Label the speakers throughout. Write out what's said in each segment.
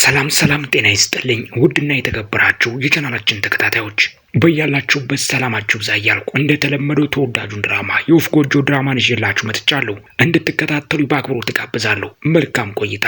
Speaker 1: ሰላም ሰላም፣ ጤና ይስጥልኝ ውድና የተከበራችሁ የቻናላችን ተከታታዮች በያላችሁበት ሰላማችሁ ብዛ እያልኩ እንደተለመደው ተወዳጁን ድራማ የወፍ ጎጆ ድራማን ይዤላችሁ መጥቻለሁ። እንድትከታተሉ በአክብሮት ትጋብዛለሁ። መልካም ቆይታ።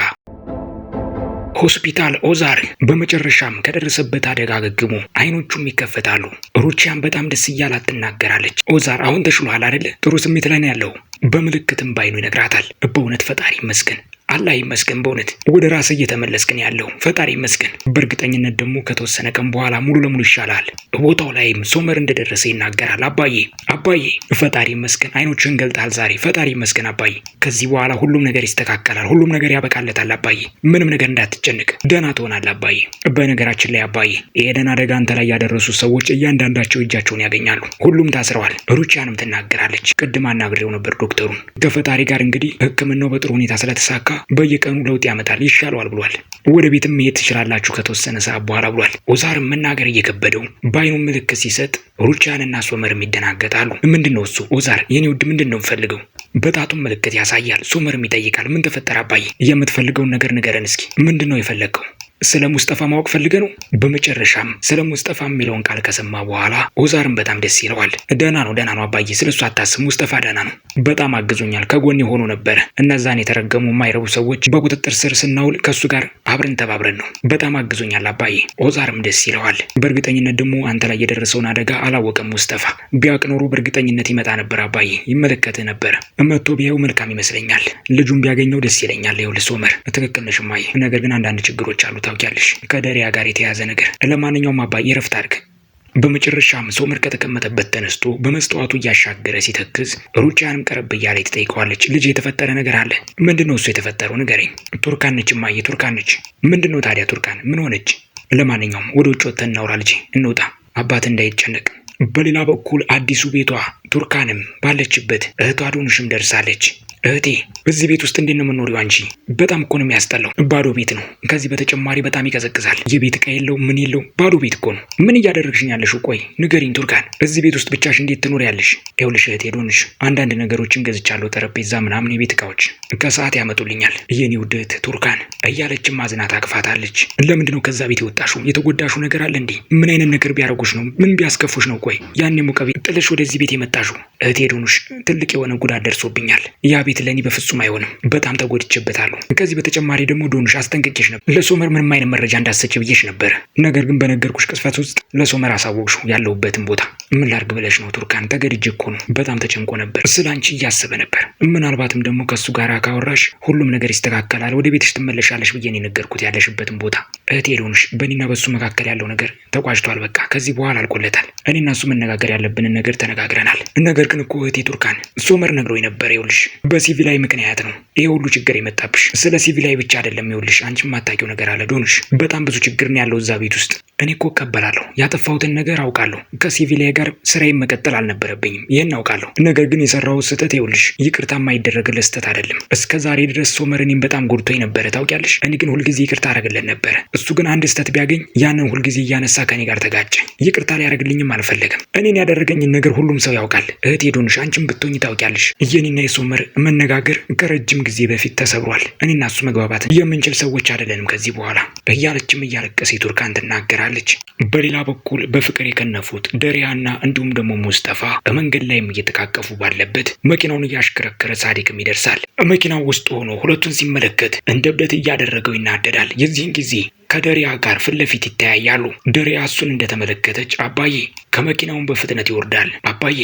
Speaker 1: ሆስፒታል ኦዛር በመጨረሻም ከደረሰበት አደጋ አገግሞ አይኖቹም ይከፈታሉ። ሩቺያን በጣም ደስ እያላት ትናገራለች። ኦዛር አሁን ተሽሏል አይደል? ጥሩ ስሜት ላይ ነው ያለው በምልክትም ባይኑ ይነግራታል። በእውነት ፈጣሪ ይመስገን፣ አላህ ይመስገን። በእውነት ወደ ራስህ እየተመለስክን ያለው ፈጣሪ ይመስገን። በእርግጠኝነት ደግሞ ከተወሰነ ቀን በኋላ ሙሉ ለሙሉ ይሻላል። ቦታው ላይም ሶመር እንደደረሰ ይናገራል። አባዬ አባዬ፣ ፈጣሪ ይመስገን፣ አይኖችን ገልጣል ዛሬ። ፈጣሪ ይመስገን አባዬ፣ ከዚህ በኋላ ሁሉም ነገር ይስተካከላል፣ ሁሉም ነገር ያበቃለታል። አባዬ ምንም ነገር እንዳትጨንቅ፣ ደህና ትሆናለህ አባዬ። በነገራችን ላይ አባዬ የኤደን አደጋ አንተ ላይ ያደረሱ ሰዎች እያንዳንዳቸው እጃቸውን ያገኛሉ። ሁሉም ታስረዋል። ሩቺያንም ትናገራለች፣ ቅድም አናግሬው ነበር ዶክተሩን። ከፈጣሪ ጋር እንግዲህ ህክምናው በጥሩ ሁኔታ ስለተሳካ በየቀኑ ለውጥ ያመጣል ይሻለዋል ብሏል። ወደ ቤትም መሄድ ትችላላችሁ ከተወሰነ ሰዓት በኋላ ብሏል። ኦዛርም መናገር እየከበደው በአይኑ ምልክት ሲሰጥ ሩቻንና ሶመርም ይደናገጣሉ። ምንድን ነው እሱ ኦዛር የኔ ውድ ምንድን ነው የምፈልገው? በጣቱም ምልክት ያሳያል። ሶመርም ይጠይቃል ምን ተፈጠረ አባዬ? የምትፈልገውን ነገር ንገረን እስኪ ምንድን ነው የፈለግከው? ስለ ሙስጠፋ ማወቅ ፈልገ ነው። በመጨረሻም ስለ ሙስጠፋ የሚለውን ቃል ከሰማ በኋላ ኦዛርም በጣም ደስ ይለዋል። ደህና ነው፣ ደህና ነው አባዬ፣ ስለ እሱ አታስብ። ሙስጠፋ ደህና ነው። በጣም አግዞኛል። ከጎን የሆኑ ነበረ። እነዛን የተረገሙ የማይረቡ ሰዎች በቁጥጥር ስር ስናውል ከእሱ ጋር አብረን ተባብረን ነው። በጣም አግዞኛል አባዬ። ኦዛርም ደስ ይለዋል። በእርግጠኝነት ደግሞ አንተ ላይ የደረሰውን አደጋ አላወቀም ሙስጠፋ። ቢያውቅ ኖሮ በእርግጠኝነት ይመጣ ነበር አባዬ፣ ይመለከትህ ነበር። መጥቶ ቢያየው መልካም ይመስለኛል። ልጁን ቢያገኘው ደስ ይለኛል። ይኸውልህ ሶመር፣ ትክክል ነሽ እማዬ፣ ነገር ግን አንዳንድ ችግሮች አሉት ታውቂያለሽ፣ ከደሪያ ጋር የተያዘ ነገር። ለማንኛውም አባ የረፍት አድርግ። በመጨረሻም ሶመር ከተቀመጠበት ተነስቶ በመስተዋቱ እያሻገረ ሲተክዝ ሩጫንም ቀረብ እያለች ትጠይቀዋለች። ልጅ የተፈጠረ ነገር አለ። ምንድነው እሱ የተፈጠረው? ንገረኝ። ቱርካን ነች እማዬ፣ ቱርካን ነች። ታዲያ? ቱርካን ምን ሆነች? ለማንኛውም ወደ ውጭ ወጥተን እናውራ ልጅ፣ እንውጣ። አባት እንዳይጨነቅ በሌላ በኩል አዲሱ ቤቷ ቱርካንም ባለችበት እህቷ አዶኑሽም ደርሳለች። እህቴ እዚህ ቤት ውስጥ እንዴት ነው የምኖሪው? አንቺ በጣም እኮ ነው የሚያስጠላው። ባዶ ቤት ነው። ከዚህ በተጨማሪ በጣም ይቀዘቅዛል። የቤት እቃ የለው ምን የለው ባዶ ቤት እኮ ነው። ምን እያደረግሽኝ ያለሽ? ቆይ ንገሪኝ ቱርካን፣ እዚህ ቤት ውስጥ ብቻሽ እንዴት ትኖር ያለሽ? ይኸውልሽ እህቴ ዶንሽ አንዳንድ ነገሮችን ገዝቻለሁ፣ ጠረጴዛ ምናምን፣ የቤት እቃዎች ከሰዓት ያመጡልኛል። የኔ ውድ እህት ቱርካን እያለችም ማዝናት አቅፋታለች። ለምንድን ነው ከዛ ቤት የወጣሹ? የተጎዳሹ ነገር አለ እንዴ? ምን አይነት ነገር ቢያደርጉሽ ነው? ምን ቢያስከፉሽ ነው? ቆይ ያኔ ሙቀቤ ጥልሽ ወደዚህ ቤት የመጣሹ? እህቴ ዶንሽ ትልቅ የሆነ ጉዳት ደርሶብኛል ያ ቤት ለእኔ በፍጹም አይሆንም። በጣም ተጎድቼበታለሁ። ከዚህ በተጨማሪ ደግሞ ዶኑሽ አስጠንቅቄሽ ነበር። ለሶመር ምንም አይነት መረጃ እንዳሰጭ ብዬሽ ነበር ነገር ግን በነገርኩሽ ቅስፈት ውስጥ ለሶመር አሳወቅሽው ያለሁበትን ቦታ። ምን ላድርግ ብለሽ ነው ቱርካን? ተገድጄ እኮ ነው። በጣም ተጨንቆ ነበር። ስለ አንቺ እያሰበ ነበር። ምናልባትም ደግሞ ከእሱ ጋር ካወራሽ ሁሉም ነገር ይስተካከላል፣ ወደ ቤትሽ ትመለሻለሽ ብዬ ነው የነገርኩት ያለሽበትን ቦታ። እህቴ ዶኑሽ፣ በእኔና በሱ መካከል ያለው ነገር ተቋጭቷል። በቃ ከዚህ በኋላ አልቆለታል። እኔና እሱ መነጋገር ያለብንን ነገር ተነጋግረናል። ነገር ግን እኮ እህቴ ቱርካን ሶመር ነግሮኝ ነበር። ይኸውልሽ ሲቪላዊ ምክንያት ነው ይሄ ሁሉ ችግር የመጣብሽ። ስለ ሲቪላዊ ብቻ አይደለም ይኸውልሽ፣ አንቺ የማታውቂው ነገር አለ ዶንሽ። በጣም ብዙ ችግር ነው ያለው እዛ ቤት ውስጥ። እኔ እኮ እቀበላለሁ፣ ያጠፋሁትን ነገር አውቃለሁ። ከሲቪላዊ ጋር ስራዬን መቀጠል አልነበረብኝም፣ ይህን አውቃለሁ። ነገር ግን የሰራሁት ስህተት ይኸውልሽ፣ ይቅርታ የማይደረግለት ስህተት አይደለም። እስከ ዛሬ ድረስ ሶመር እኔም በጣም ጎድቶኝ ነበረ ታውቂያለሽ። እኔ ግን ሁልጊዜ ይቅርታ አደረግለት ነበረ። እሱ ግን አንድ ስህተት ቢያገኝ ያንን ሁልጊዜ እያነሳ ከኔ ጋር ተጋጨ። ይቅርታ ሊያደርግልኝም አልፈለገም። እኔን ያደረገኝን ነገር ሁሉም ሰው ያውቃል። እህቴ ዶንሽ፣ አንቺም ብትሆኝ ታውቂያለሽ የኔና የሶመር ለመነጋገር ከረጅም ጊዜ በፊት ተሰብሯል። እኔና እሱ መግባባት የምንችል ሰዎች አይደለንም ከዚህ በኋላ በያለችም እያለቀሰ ቱርካን ትናገራለች። በሌላ በኩል በፍቅር የከነፉት ደሪያና እንዲሁም ደግሞ ሙስጠፋ በመንገድ ላይም እየተቃቀፉ ባለበት መኪናውን እያሽከረከረ ሳዲቅም ይደርሳል። መኪናው ውስጥ ሆኖ ሁለቱን ሲመለከት እንደ እብደት እያደረገው ይናደዳል። የዚህን ጊዜ ከደሪያ ጋር ፊት ለፊት ይተያያሉ። ደሪያ እሱን እንደተመለከተች አባዬ ከመኪናውን በፍጥነት ይወርዳል። አባዬ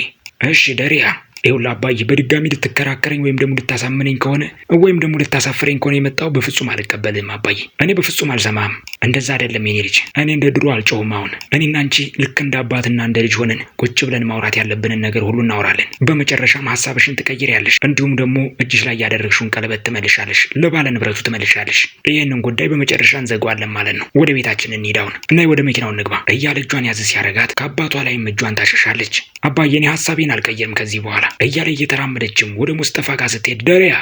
Speaker 1: እሺ ደሪያ ይኸውልህ አባዬ በድጋሚ ልትከራከረኝ ወይም ደግሞ ልታሳምነኝ ከሆነ ወይም ደግሞ ልታሳፍረኝ ከሆነ የመጣው በፍጹም አልቀበልህም አባዬ። እኔ በፍጹም አልሰማህም። እንደዛ አይደለም የኔ ልጅ። እኔ እንደ ድሮ አልጮውም አሁን እኔና አንቺ ልክ እንደ አባትና እንደ ልጅ ሆነን ቁጭ ብለን ማውራት ያለብንን ነገር ሁሉ እናወራለን። በመጨረሻም ሀሳብሽን ትቀይሪያለሽ፣ እንዲሁም ደግሞ እጅሽ ላይ ያደረግሽውን ቀለበት ትመልሻለሽ፣ ለባለ ንብረቱ ትመልሻለሽ። ይህንን ጉዳይ በመጨረሻ እንዘጋዋለን ማለት ነው። ወደ ቤታችን እንሂዳውን እና ወደ መኪናውን እንግባ እያለ እጇን ያዝ ሲያረጋት ከአባቷ ላይም እጇን ታሸሻለች። አባዬ እኔ ሀሳቤን አልቀየርም ከዚህ በኋላ እያለ እየተራመደችም ወደ ሙስጠፋ ጋር ስትሄድ ደሪያ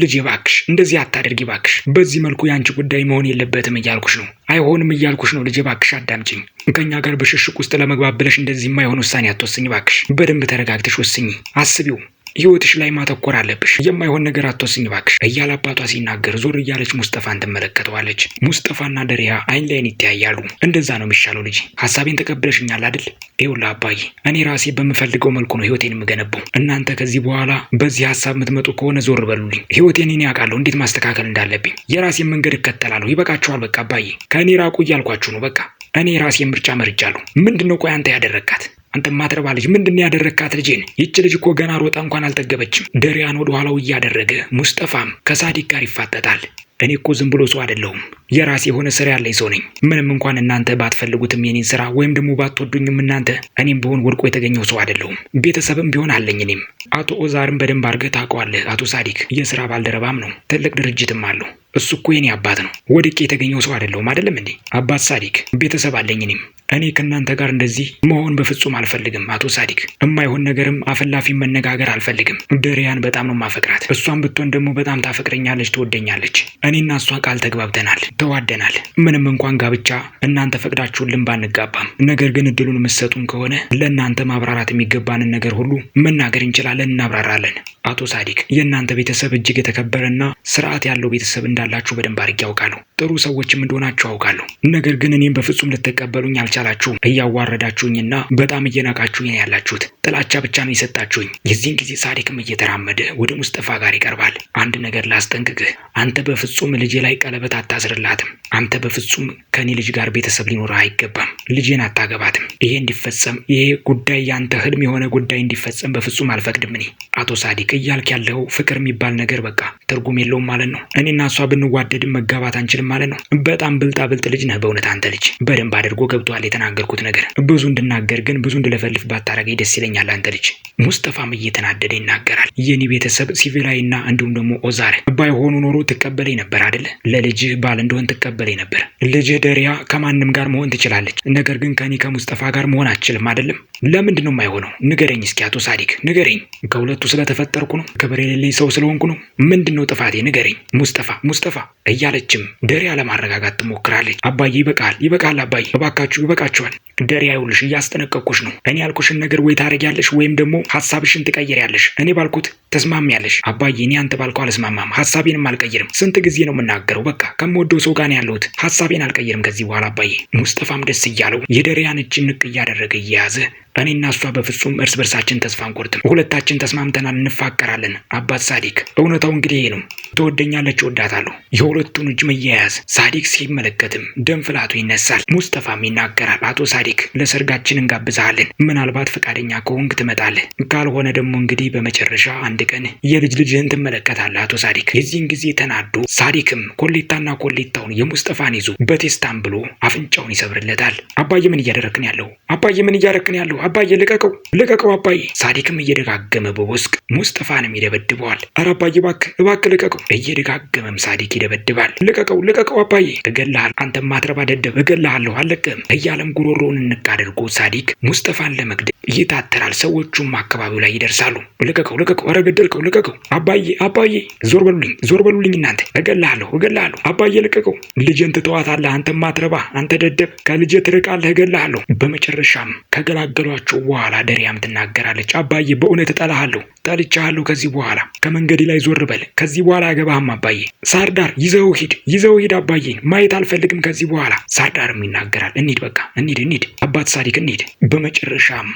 Speaker 1: ልጅ ባክሽ እንደዚህ አታደርጊ ባክሽ በዚህ መልኩ የአንቺ ጉዳይ መሆን የለበትም እያልኩሽ ነው፣ አይሆንም እያልኩሽ ነው። ልጅ እባክሽ አዳምጪኝ። ከኛ ጋር በሽሽቅ ውስጥ ለመግባብ ብለሽ እንደዚህ የማይሆን ውሳኔ አትወስኝ ባክሽ በደንብ ተረጋግተሽ ወስኝ፣ አስቢው ህይወትሽ ላይ ማተኮር አለብሽ። የማይሆን ነገር አትወስኝ እባክሽ እያለ አባቷ ሲናገር ዞር እያለች ሙስጠፋን ትመለከተዋለች። ሙስጠፋና ደሪያ አይን ላይን ይተያያሉ። እንደዛ ነው የሚሻለው ልጅ ሀሳቤን ተቀብለሽኛል አይደል? ይኸውልህ አባዬ እኔ ራሴ በምፈልገው መልኩ ነው ህይወቴን የምገነባው። እናንተ ከዚህ በኋላ በዚህ ሀሳብ የምትመጡ ከሆነ ዞር በሉልኝ። ህይወቴን እኔ አውቃለሁ እንዴት ማስተካከል እንዳለብኝ። የራሴን መንገድ እከተላለሁ። ይበቃችኋል በቃ አባዬ፣ ከእኔ ራቁ እያልኳችሁ ነው በቃ እኔ ራሴ ምርጫ መርጫለሁ። ምንድን ነው ቆይ አንተ ያደረግካት አንተ ማትረባ ልጅ ምንድን ነው ያደረግካት ልጄን? ይች ልጅ እኮ ገና ሮጣ እንኳን አልጠገበችም። ደሪያን ወደ ኋላው እያደረገ ሙስጠፋም ከሳዲቅ ጋር ይፋጠጣል። እኔ እኮ ዝም ብሎ ሰው አይደለሁም። የራሴ የሆነ ስራ ያለኝ ሰው ነኝ። ምንም እንኳን እናንተ ባትፈልጉትም የኔን ስራ ወይም ደግሞ ባትወዱኝም እናንተ እኔም ቢሆን ወድቆ የተገኘው ሰው አይደለሁም። ቤተሰብም ቢሆን አለኝ። እኔም አቶ ኦዛርም በደንብ አድርገህ ታውቀዋለህ። አቶ ሳዲክ የስራ ባልደረባም ነው፣ ትልቅ ድርጅትም አለው። እሱ እኮ የኔ አባት ነው። ወድቄ የተገኘው ሰው አይደለሁም። አይደለም እንዴ አባት ሳዲክ? ቤተሰብ አለኝ እኔም እኔ ከእናንተ ጋር እንደዚህ መሆን በፍጹም አልፈልግም አቶ ሳዲክ። የማይሆን ነገርም አፈላፊ መነጋገር አልፈልግም። ደሪያን በጣም ነው ማፈቅራት። እሷን ብትሆን ደግሞ በጣም ታፈቅረኛለች፣ ትወደኛለች። እኔና እሷ ቃል ተግባብተናል፣ ተዋደናል። ምንም እንኳን ጋብቻ እናንተ ፈቅዳችሁልን ባንጋባም፣ ነገር ግን እድሉን የምትሰጡን ከሆነ ለእናንተ ማብራራት የሚገባንን ነገር ሁሉ መናገር እንችላለን፣ እናብራራለን። አቶ ሳዲክ የእናንተ ቤተሰብ እጅግ የተከበረና ስርዓት ያለው ቤተሰብ እንዳላችሁ በደንብ አድርጌ ያውቃለሁ። ጥሩ ሰዎችም እንደሆናችሁ አውቃለሁ። ነገር ግን እኔም በፍጹም ልትቀበሉኝ አልቻላችሁም። እያዋረዳችሁኝና በጣም እየናቃችሁኝ ያላችሁት ጥላቻ ብቻ ነው የሰጣችሁኝ። የዚህን ጊዜ ሳዲክም እየተራመደ ወደ ሙስጠፋ ጋር ይቀርባል። አንድ ነገር ላስጠንቅቅህ፣ አንተ በፍጹም ልጄ ላይ ቀለበት አታስርላትም። አንተ በፍጹም ከእኔ ልጅ ጋር ቤተሰብ ሊኖረ አይገባም። ልጄን አታገባትም። ይሄ እንዲፈጸም ይሄ ጉዳይ ያንተ ህልም የሆነ ጉዳይ እንዲፈጸም በፍጹም አልፈቅድም። እኔ አቶ ሳዲቅ እያልክ ያለው ፍቅር የሚባል ነገር በቃ ትርጉም የለውም ማለት ነው። እኔና እሷ ብንዋደድም መጋባት አንችልም ማለት ነው። በጣም ብልጣ ብልጥ ልጅ ነህ በእውነት አንተ ልጅ። በደንብ አድርጎ ገብቶሃል የተናገርኩት ነገር። ብዙ እንድናገር ግን ብዙ እንድለፈልፍ ባታረገኝ ደስ ይለኛል አንተ ልጅ። ሙስጠፋም እየተናደደ ይናገራል። የኔ ቤተሰብ ሲቪላይና እንዲሁም ደግሞ ኦዛር ባይሆኑ ኖሮ ትቀበለኝ ነበር አደለ? ለልጅህ ባል እንደሆን ትቀበለኝ ነበር። ልጅህ ደሪያ ከማንም ጋር መሆን ትችላለች፣ ነገር ግን ከኔ ከሙስጠፋ ጋር መሆን አትችልም አይደለም? ለምንድን ነው የማይሆነው? ንገረኝ እስኪ አቶ ሳዲክ ንገረኝ። ከሁለቱ ስለተፈጠርኩ ነው? ክብር የሌለኝ ሰው ስለሆንኩ ነው? ምንድን ምነው ጥፋቴ ንገረኝ ሙስጠፋ ሙስጠፋ እያለችም ደሪያ ለማረጋጋት ትሞክራለች። አባዬ ይበቃል፣ ይበቃል አባዬ፣ እባካችሁ ይበቃችኋል። ደሪያ ይኸውልሽ እያስጠነቀቅኩሽ ነው። እኔ ያልኩሽን ነገር ወይ ታረጊያለሽ ወይም ደግሞ ሀሳብሽን ትቀይሪያለሽ። እኔ ባልኩት ተስማሚያለሽ። አባዬ እኔ አንተ ባልከው አልስማማም፣ ሀሳቤንም አልቀይርም። ስንት ጊዜ ነው የምናገረው? በቃ ከምወደው ሰው ጋር ያለሁት፣ ሀሳቤን አልቀይርም ከዚህ በኋላ አባዬ። ሙስጠፋም ደስ እያለው የደሪያን እጅ ንቅ እያደረገ እየያዘ እኔና እሷ በፍጹም እርስ በርሳችን ተስፋ አንቆርጥም፣ ሁለታችን ተስማምተናል፣ እንፋቀራለን። አባት ሳዲክ እውነታው እንግዲህ ነው። ትወደኛለች፣ እወዳታለሁ። የሁለቱን እጅ መያያዝ ሳዲክ ሲመለከትም ደም ፍላቱ ይነሳል። ሙስጠፋም ይናገራል። አቶ ሳዲክ ለሰርጋችን እንጋብዛሃለን፣ ምናልባት ፈቃደኛ ከሆንክ ትመጣለህ፣ ካልሆነ ደግሞ እንግዲህ በመጨረሻ አንድ ቀን የልጅ ልጅህን ትመለከታለህ። አቶ ሳዲቅ የዚህን ጊዜ ተናዶ ሳዲክም ኮሌታና ኮሌታውን የሙስጠፋን ይዞ በቴስታም ብሎ አፍንጫውን ይሰብርለታል። አባዬ ምን እያደረክን ያለው? አባዬ ምን እያደረክን ያለው? አባዬ ልቀቀው፣ ልቀቀው አባዬ። ሳዲክም እየደጋገመ በወስቅ ሙስጠፋንም ይደበድበዋል። ኧረ አባዬ እባክህ እባክህ እባክህ ልቀቀው። እየደጋገመም ሳዲክ ይደበድባል። ልቀቀው፣ ልቀቀው አባዬ፣ እገልሃለሁ፣ አንተ ማትረባ ደደብ፣ እገልሃለሁ፣ አልለቅህም እያለም ጉሮሮውን እንቅ አድርጎ ሳዲክ ሙስጠፋን ለመግደል ይታተራል። ሰዎቹም አካባቢው ላይ ይደርሳሉ። ልቀቀው፣ ልቀቀው፣ ኧረ ገደልከው፣ ልቀቀው፣ አባዬ፣ አባዬ፣ ዞር በሉልኝ፣ ዞር በሉልኝ እናንተ፣ እገልሃለሁ፣ እገልሃለሁ፣ አባዬ፣ ልቀቀው፣ ልጄን ትተዋታለህ፣ አንተ ማትረባ፣ አንተ ደደብ፣ ከልጄ ትርቃለህ፣ እገልሃለሁ። በመጨረሻም ከገላገሏቸው በኋላ ደሪያም ትናገራለች፣ አባዬ፣ በእውነት እጠላሃለሁ፣ ጠልቻሃለሁ፣ ከዚህ በኋላ ከመንገዴ ላይ ዞር በል ከዚህ በኋላ አገባህም አባዬ። ሳርዳር ይዘው ሂድ፣ ይዘው ሂድ አባዬ፣ ማየት አልፈልግም ከዚህ በኋላ። ሳርዳርም ይናገራል። እንሂድ፣ በቃ እንሂድ፣ እንሂድ አባት ሳዲክ እንሂድ። በመጨረሻም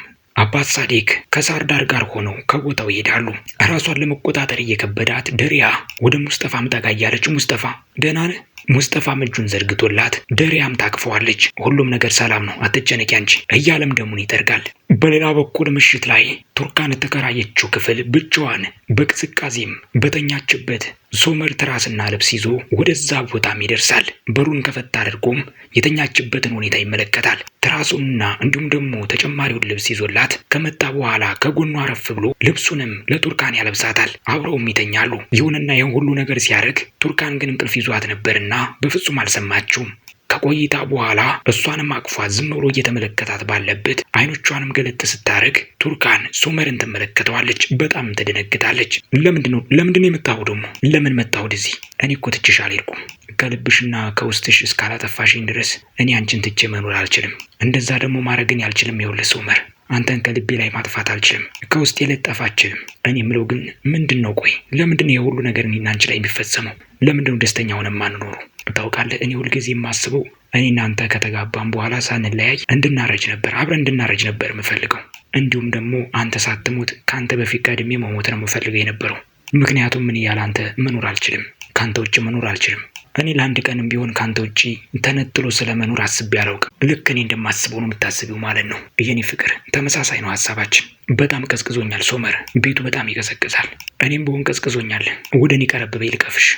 Speaker 1: አባት ሳዲክ ከሳርዳር ጋር ሆነው ከቦታው ይሄዳሉ። ራሷን ለመቆጣጠር እየከበዳት ደሪያ ወደ ሙስጠፋም ምጠጋ እያለች ሙስጠፋ ደህና ነህ ሙስጠፋም እጁን ዘርግቶላት ደሪያም ታቅፈዋለች። ሁሉም ነገር ሰላም ነው፣ አትጨነቂ አንቺ እያለም ደሙን ይጠርጋል። በሌላ በኩል ምሽት ላይ ቱርካን ተከራየችው ክፍል ብቻዋን በቅዝቃዜም በተኛችበት ሶመር ትራስና ልብስ ይዞ ወደዛ ቦታም ይደርሳል። በሩን ከፈታ አድርጎም የተኛችበትን ሁኔታ ይመለከታል። ትራሱንና እንዲሁም ደግሞ ተጨማሪውን ልብስ ይዞላት ከመጣ በኋላ ከጎኑ አረፍ ብሎ ልብሱንም ለቱርካን ያለብሳታል። አብረውም ይተኛሉ። ይሁንና ይህን ሁሉ ነገር ሲያደርግ ቱርካን ግን እንቅልፍ ይዟት ነበርና ነበርና በፍጹም አልሰማችውም። ከቆይታ በኋላ እሷንም አቅፏ ዝም ብሎ እየተመለከታት ባለበት አይኖቿንም ገለጥ ስታደርግ ቱርካን ሶመርን ትመለከተዋለች። በጣም ትደነግጣለች። ለምንድነው ለምንድነው ለምንድን ነው ደግሞ ለምን መጣሁ እዚህ? እኔ እኮ ትችሽ አልሄድኩም። ከልብሽና ከውስጥሽ እስካላጠፋሽኝ ድረስ እኔ አንቺን ትቼ መኖር አልችልም። እንደዛ ደግሞ ማድረግን ያልችልም። ይኸውልህ ሶመር አንተን ከልቤ ላይ ማጥፋት አልችልም። ከውስጤ ልጠፋ አልችልም። እኔ የምለው ግን ምንድን ነው? ቆይ ለምንድን ነው የሁሉ ነገር እኔና አንቺ ላይ የሚፈጸመው? ለምንድን ነው ደስተኛ ሆነ ማንኖሩ? ታውቃለህ፣ እኔ ሁልጊዜ የማስበው እኔ እናንተ ከተጋባን በኋላ ሳንለያይ እንድናረጅ ነበር፣ አብረን እንድናረጅ ነበር የምፈልገው። እንዲሁም ደግሞ አንተ ሳትሞት ከአንተ በፊት ቀድሜ መሞት ነው የምፈልገው የነበረው። ምክንያቱም ምን እያለ አንተ መኖር አልችልም፣ ከአንተ ውጭ መኖር አልችልም። እኔ ለአንድ ቀንም ቢሆን ከአንተ ውጪ ተነጥሎ ስለመኖር አስቤ አላውቅም። ልክ እኔ እንደማስበው ነው የምታስቢው ማለት ነው። የኔ ፍቅር ተመሳሳይ ነው ሀሳባችን። በጣም ቀዝቅዞኛል ሶመር፣ ቤቱ በጣም ይቀዘቅዛል። እኔም በሆን ቀዝቅዞኛል። ወደ እኔ ቀረብ በይ ልቀፍሽ።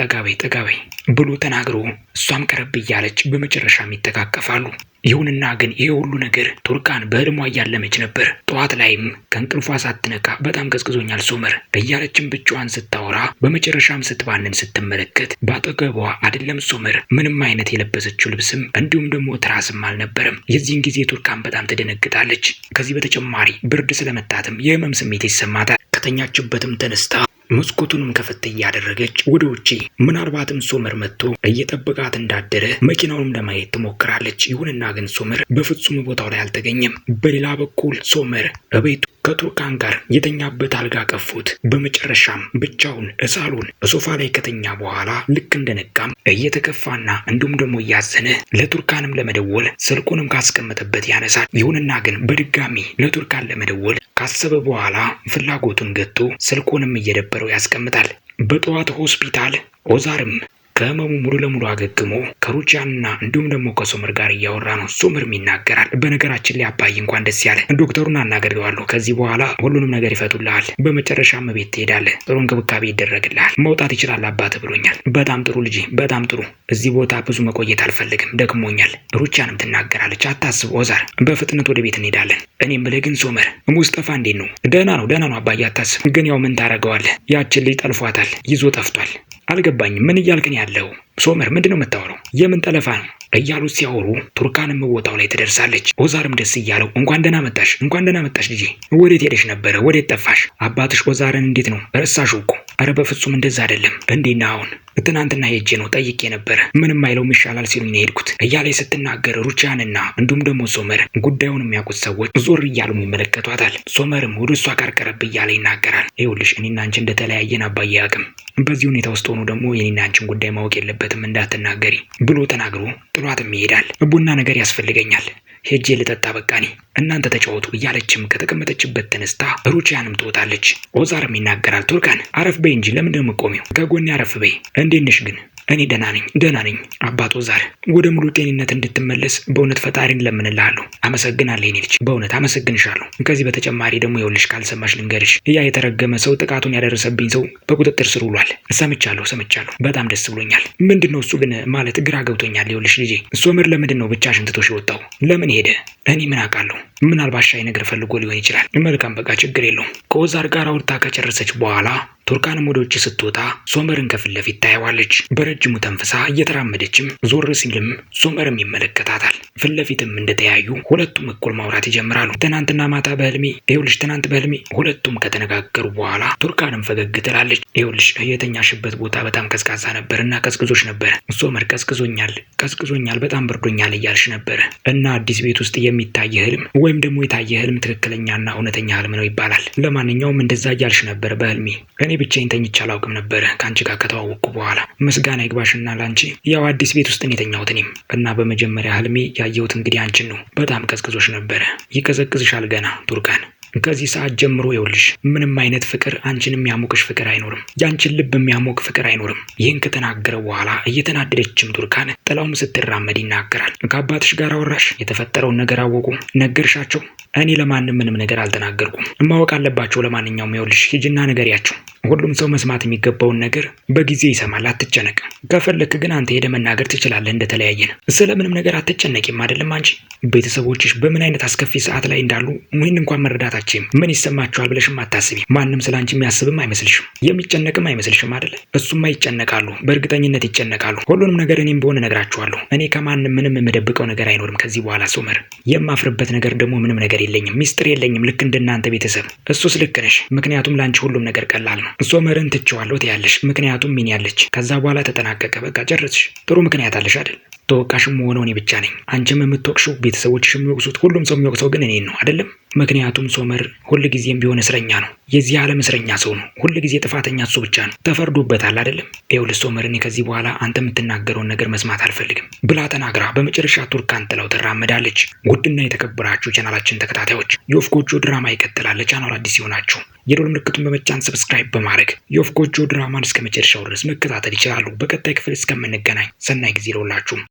Speaker 1: ጠጋበይ ጠጋበይ ብሎ ተናግሮ እሷም ቀረብ እያለች በመጨረሻም ይተቃቀፋሉ። ይሁንና ግን ይሄ ሁሉ ነገር ቱርካን በህልሟ እያለመች ነበር። ጠዋት ላይም ከእንቅልፏ ሳትነቃ በጣም ቀዝቅዞኛል ሶመር እያለችም ብቻዋን ስታወራ በመጨረሻም ስትባንን ስትመለከት በአጠገቧ አይደለም ሶመር ምንም አይነት የለበሰችው ልብስም እንዲሁም ደግሞ ትራስም አልነበረም። የዚህን ጊዜ ቱርካን በጣም ትደነግጣለች። ከዚህ በተጨማሪ ብርድ ስለመታትም የህመም ስሜት ይሰማታል። ከተኛችበትም ተነስታ መስኮቱንም ከፍት እያደረገች ወደ ውጪ ምናልባትም ሶመር መጥቶ እየጠበቃት እንዳደረ መኪናውንም ለማየት ትሞክራለች። ይሁንና ግን ሶመር በፍጹም ቦታው ላይ አልተገኘም። በሌላ በኩል ሶመር እቤቱ ከቱርካን ጋር የተኛበት አልጋ ቀፉት። በመጨረሻም ብቻውን እሳሉን ሶፋ ላይ ከተኛ በኋላ ልክ እንደነቃም እየተከፋና እንዲሁም ደግሞ እያዘነ ለቱርካንም ለመደወል ስልኩንም ካስቀመጠበት ያነሳል። ይሁንና ግን በድጋሚ ለቱርካን ለመደወል ካሰበ በኋላ ፍላጎቱን ገጥቶ ስልኩንም እየደበረው ያስቀምጣል። በጠዋት ሆስፒታል ኦዛርም ከህመሙ ሙሉ ለሙሉ አገግሞ ከሩጫና እንዲሁም ደግሞ ከሶመር ጋር እያወራ ነው። ሶመርም ይናገራል። በነገራችን ላይ አባይ እንኳን ደስ ያለ ዶክተሩን አናገርገዋለሁ። ከዚህ በኋላ ሁሉንም ነገር ይፈቱልሃል። በመጨረሻም ቤት ትሄዳለህ። ጥሩ እንክብካቤ ይደረግልሃል። መውጣት ይችላል አባት ብሎኛል። በጣም ጥሩ ልጅ፣ በጣም ጥሩ። እዚህ ቦታ ብዙ መቆየት አልፈልግም፣ ደክሞኛል። ሩቻንም ትናገራለች። አታስብ ኦዛር፣ በፍጥነት ወደ ቤት እንሄዳለን። እኔም የምልህ ግን ሶመር፣ ሙስጠፋ እንዴት ነው? ደህና ነው፣ ደህና ነው አባዬ፣ አታስብ። ግን ያው ምን ታደርገዋለህ? ያችን ልጅ ጠልፏታል፣ ይዞ ጠፍቷል። አልገባኝም ምን እያልቅን ያለው ሶመር ምንድነው የምታወራው? የምን ጠለፋ ነው እያሉ ሲያወሩ ቱርካንም ቦታው ላይ ትደርሳለች። ኦዛርም ደስ እያለው እንኳን ደህና መጣሽ፣ እንኳን ደህና መጣሽ ልጄ፣ ወዴት ሄደሽ ነበረ? ወዴት ጠፋሽ? አባትሽ ኦዛርን እንዴት ነው ረሳሹ? እኮ ረ በፍጹም እንደዛ አይደለም። እንዴና አሁን ትናንትና ሄጄ ነው ጠይቄ ነበረ፣ ምንም አይለውም ይሻላል ሲሉ ነው የሄድኩት እያለች ስትናገር ሩቺያንና እንዲሁም ደግሞ ሶመር ጉዳዩን የሚያውቁት ሰዎች ዞር እያሉም ይመለከቷታል። ሶመርም ወደ እሷ ቀርቀረብ እያለ ይናገራል። ይኸውልሽ እኔና አንቺ እንደተለያየን አባዬ አቅም በዚህ ሁኔታ ውስጥ ሆኖ ደግሞ የኔና አንቺን ጉዳይ ማወቅ የለበት የለችበትም እንዳትናገሪ ብሎ ተናግሮ ጥሏትም ይሄዳል። ቡና ነገር ያስፈልገኛል ሄጄ ልጠጣ በቃኔ እናንተ ተጫወቱ እያለችም ከተቀመጠችበት ተነስታ ሩቺያንም ትወጣለች። ኦዛርም ይናገራል። ቱርካን አረፍ በይ እንጂ ለምን ደምቆሚው ከጎኔ አረፍ በይ እንዴት ነሽ ግን እኔ ደህና ነኝ፣ ደህና ነኝ አባቶ ዛር ወደ ሙሉ ጤንነት እንድትመለስ በእውነት ፈጣሪን ለምንልሃለሁ። አመሰግናለሁ የኔ ልጅ፣ በእውነት አመሰግንሻለሁ። ከዚህ በተጨማሪ ደግሞ የውልሽ ካልሰማሽ ልንገርሽ፣ ያ የተረገመ ሰው ጥቃቱን ያደረሰብኝ ሰው በቁጥጥር ስር ውሏል። ሰምቻለሁ፣ ሰምቻለሁ። በጣም ደስ ብሎኛል። ምንድን ነው እሱ ግን ማለት ግራ ገብቶኛል። የውልሽ ልጄ ሶመር ለምንድን ነው ብቻ ሽንትቶሽ የወጣው? ለምን ሄደ? እኔ ምን አውቃለሁ? ምናልባት ሻይ ነገር ፈልጎ ሊሆን ይችላል። መልካም፣ በቃ ችግር የለውም። ከወዛር ጋር አውርታ ከጨረሰች በኋላ ቱርካንም ወደ ውጭ ስትወጣ ሶመርን ከፊት ለፊት ታየዋለች። በረጅሙ ተንፍሳ እየተራመደችም ዞር ሲልም ሶመርም ይመለከታታል። ፊት ለፊትም እንደተያዩ ሁለቱም እኩል ማውራት ይጀምራሉ። ትናንትና ማታ በህልሜ ይኸውልሽ፣ ትናንት በህልሜ ሁለቱም ከተነጋገሩ በኋላ ቱርካንም ፈገግ ትላለች። ይኸውልሽ የተኛሽበት ቦታ በጣም ቀዝቃዛ ነበር እና ቀዝቅዞች ነበረ። ሶመር ቀዝቅዞኛል፣ ቀዝቅዞኛል፣ በጣም ብርዶኛል እያልሽ ነበረ እና አዲስ ቤት ውስጥ የሚታይ ህልም ወይም ደግሞ የታየ ህልም ትክክለኛና እውነተኛ ህልም ነው ይባላል። ለማንኛውም እንደዛ እያልሽ ነበር በህልሜ። እኔ ብቻዬን ተኝቼ አላውቅም ነበረ ከአንቺ ጋር ከተዋወቅኩ በኋላ ምስጋና አይግባሽና ላንቺ ያው አዲስ ቤት ውስጥ የተኛሁት እኔም እና በመጀመሪያ ህልሜ ያየሁት እንግዲህ አንቺን ነው። በጣም ቀዝቅዞሽ ነበረ። ይቀዘቅዝሻል ገና ቱርካን ከዚህ ሰዓት ጀምሮ ይኸውልሽ ምንም አይነት ፍቅር አንቺን የሚያሞቅሽ ፍቅር አይኖርም። ያንቺን ልብ የሚያሞቅ ፍቅር አይኖርም። ይህን ከተናገረ በኋላ እየተናደደችም ቱርካን ጥላውም ስትራመድ ይናገራል። ከአባትሽ ጋር አወራሽ? የተፈጠረውን ነገር አወቁ? ነገርሻቸው? እኔ ለማንም ምንም ነገር አልተናገርኩም። ማወቅ አለባቸው። ለማንኛውም ይኸውልሽ ሂጂና ንገሪያቸው። ሁሉም ሰው መስማት የሚገባውን ነገር በጊዜ ይሰማል። አትጨነቅ። ከፈለክ ግን አንተ ሄደ መናገር ትችላለህ። እንደተለያየን ስለምንም ነገር አትጨነቂም አይደለም አንቺ ቤተሰቦችሽ በምን አይነት አስከፊ ሰዓት ላይ እንዳሉ ይህን እንኳን መረዳታቸው አትሰማችም። ምን ይሰማችኋል ብለሽም አታስቢ። ማንም ስለ አንቺ የሚያስብም አይመስልሽም፣ የሚጨነቅም አይመስልሽም አደለ? እሱማ ይጨነቃሉ፣ በእርግጠኝነት ይጨነቃሉ። ሁሉንም ነገር እኔም በሆነ እነግራችኋለሁ። እኔ ከማንም ምንም የምደብቀው ነገር አይኖርም ከዚህ በኋላ ሶመር። የማፍርበት ነገር ደግሞ ምንም ነገር የለኝም፣ ሚስጥር የለኝም። ልክ እንደናንተ ቤተሰብ። እሱስ ልክ ነሽ፣ ምክንያቱም ለአንቺ ሁሉም ነገር ቀላል ነው። ሶመርን ትችዋለሁ ትያለሽ፣ ምክንያቱም ሚን ያለች። ከዛ በኋላ ተጠናቀቀ፣ በቃ ጨረስሽ። ጥሩ ምክንያት አለሽ አይደል? ተወቃሽም መሆነው እኔ ብቻ ነኝ። አንቺም የምትወቅሽው ቤተሰቦችሽ የሚወቅሱት ሁሉም ሰው የሚወቅሰው ግን እኔን ነው አይደለም? ምክንያቱም ሶመር ሁልጊዜም ቢሆን እስረኛ ነው። የዚህ ዓለም እስረኛ ሰው ነው። ሁልጊዜ ጥፋተኛ እሱ ብቻ ነው። ተፈርዶበታል አይደለም? ይኸውልህ ሶመር፣ እኔ ከዚህ በኋላ አንተ የምትናገረውን ነገር መስማት አልፈልግም ብላ ተናግራ በመጨረሻ ቱርካን ጥለው ትራመዳለች። ውድና የተከበራችሁ ቻናላችን ተከታታዮች የወፍ ጎጆ ድራማ ይቀጥላል። ለቻናሉ አዲስ ይሆናችሁ የደወል ምልክቱን በመጫን ሰብስክራይብ በማድረግ የወፍ ጎጆ ድራማን እስከ መጨረሻው ድረስ መከታተል ይችላሉ። በቀጣይ ክፍል እስከምንገናኝ ሰናይ ጊዜ ለውላችሁም